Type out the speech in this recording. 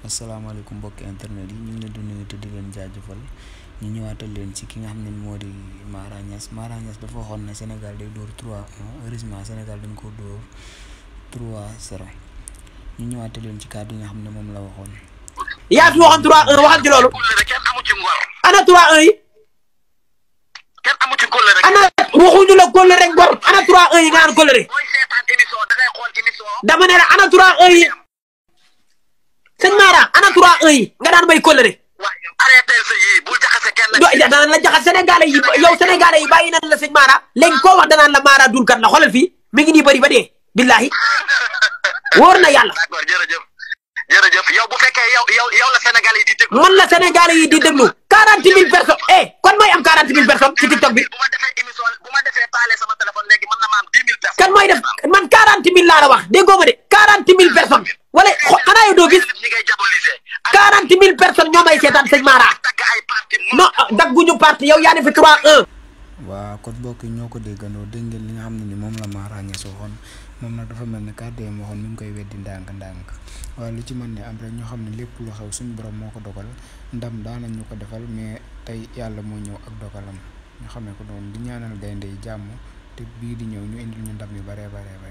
assalamualaikum bokk internet yi ñu ngi leen di nuyu te di leen jaajëfal ñu ñëwaatal leen ci ki nga xam ne moo di Mara Niass Mara Niass dafa waxoon ne Sénégal day door 3-1 heureusement Sénégal dañ ko door 3-0 ñu ñëwaatal leen ci kàddu nga xam ne moom la waxoon. yaa fi waxoon 3-1 waxal ci loolu. ana 3-1 yi. ana waxuñu la góor rek ngor ana 3-1 yi nga rek. dama ne la ana 3-1 yi. 3-1 yi nga daan may kóllëre. waaw yow arrêté sa yii bul jaxase kenn. danaan la jaxase sénégalais yi yow sénégalais yi bàyyi nañ la sëñ Mara léegi koo wax danaan la Mara dulkat la xoolal fii mi ngi nii bëri ba dee billahi wóor na yàlla. d'accord jërëjëf jërëjëf yow bu fekkee yow yow yow la Sénégal yi di déglu. man la Sénégal yi di déglu quarante mille personnes eh kon mooy am quarante mille personnes ci TikTok bi. bu ma defee émission bu ma defee paale sama na ma am dix mille man quarante mille laa wax déggoo ma de quarante mille personnes. personnes ñoo may seetaan sëñ Mara non dagguñu parti yow yaa ne fi 3-1. waaw kon mbokk yi ñoo ko déggandoo dégg ngeen li nga xam ne ni moom la Mara Niass waxoon moom nag dafa mel ne moo yi mu waxoon mi ngi koy weddi ndànk-ndànk waaye lu ci mën ne am ñoo xam ne lépp lu xew suñu boroom moo ko dogal ndam daan ñu ko defal mais tey yàlla moo ñëw ak dogalam ñu xamee ko noonu di ñaanal gaynde yi jàmm te bii di ñëw ñu indil ñu ndam yu baree baree bare